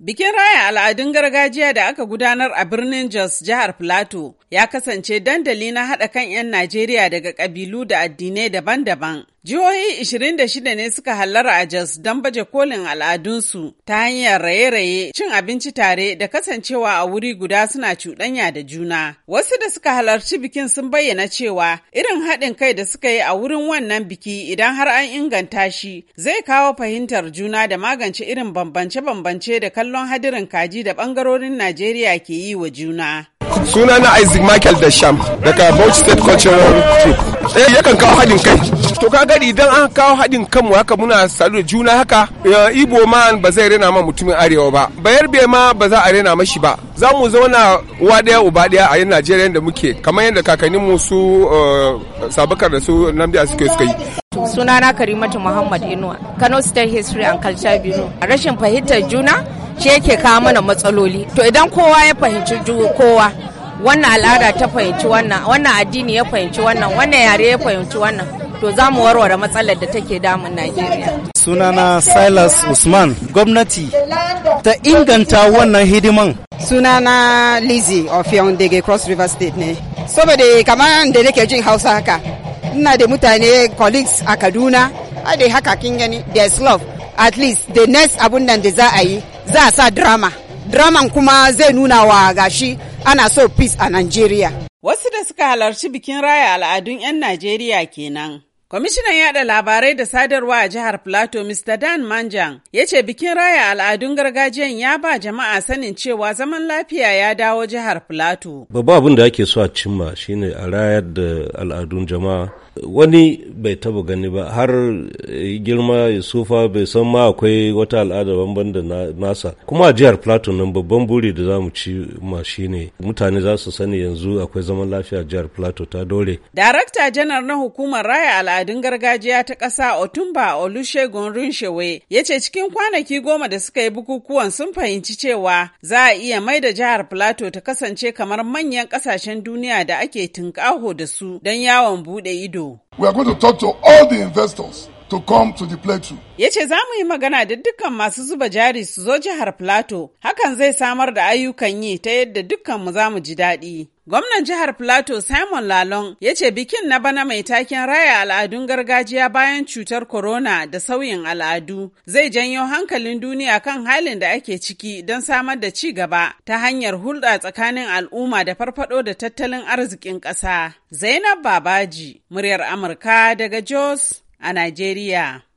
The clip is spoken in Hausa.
Bikin raya al'adun gargajiya da aka gudanar a birnin Jos jihar Plateau ya kasance dandali na haɗa kan 'yan Najeriya daga ƙabilu da addinai daban-daban Jihohi 26 ne suka hallara a Jos don baje kolin al'adunsu ta hanyar raye-raye, cin abinci tare da kasancewa a wuri guda suna cuɗanya da juna. Wasu da suka halarci bikin sun bayyana cewa irin haɗin kai da suka yi a wurin wannan biki idan har an inganta shi zai kawo fahimtar juna da magance irin bambance-bambance da kallon hadirin kaji da ɓangarorin Najeriya ke yi wa juna. sunana isaac michael da Sham daga bauchi state cultural group eh yakan kawo haɗin kai to ka gari idan an kawo haɗin kanmu haka muna sadu da juna haka ibo ma ba zai rena ma mutumin arewa ba bayar bai ma ba za a rena mashi ba za mu zauna uwa ɗaya uba ɗaya a yin najeriya da muke kamar yadda kakanninmu su eh, sabakar da su nambiya suke suka yi sunana karimatu muhammad inuwa kano state history and culture bureau rashin fahimtar juna shi yake kawo mana matsaloli to idan kowa ya fahimci kowa wannan al'ada ta fahimci wannan wannan addini ya fahimci wannan wannan yare ya fahimci wannan to za mu warware matsalar da take damun Najeriya. Sunana Silas Usman, gwamnati ta inganta wannan hidiman. Sunana Lizzy of daga Cross River State ne. Saboda kamar da nake jin Hausa haka, ina da mutane colleagues a Kaduna, a da haka kin gani, there's love. At least the next abun nan da za a yi, za a sa drama. Draman kuma zai nuna wa gashi ana so peace a Najeriya. Wasu da suka halarci bikin raya al'adun 'yan Najeriya kenan. Kwamishinan yada labarai da sadarwa a jihar Plateau, Mr. Dan Manjan, ya ce bikin raya al'adun gargajiyan ya ba jama'a sanin cewa zaman lafiya ya dawo jihar Plateau. Babba abin da ake so a cimma shine a rayar da al'adun jama'a wani bai taba gani ba har girma yusufa bai san ma akwai wata al'ada banban da nasa kuma a jihar plateau nan babban buri da za mu ci ma shine mutane za su sani yanzu akwai zaman lafiya jihar plateau ta dole darakta janar na hukumar raya al'adun gargajiya ta ƙasa otumba olusegun runshewe ya ce cikin kwanaki goma da suka yi bukukuwan sun fahimci cewa za a iya mai da jihar plateau ta kasance kamar manyan ƙasashen duniya da ake tunƙaho da su don yawon buɗe ido We are going to talk to all the investors to come to the plateau. Ya ce za mu yi magana da dukkan masu zuba jari su zo jihar Plateau, hakan zai samar da ayyukan yi ta yadda dukkan mu za mu ji daɗi. Gwamnan jihar Plateau Simon Lalong ya ce bikin na bana mai taken raya al'adun gargajiya bayan cutar corona da sauyin al'adu zai janyo hankalin duniya kan halin da ake ciki don samar da ci gaba ta hanyar hulɗa tsakanin al'umma da farfado da tattalin arzikin ƙasa. Zainab Babaji, muryar Amurka daga Jos a Najeriya.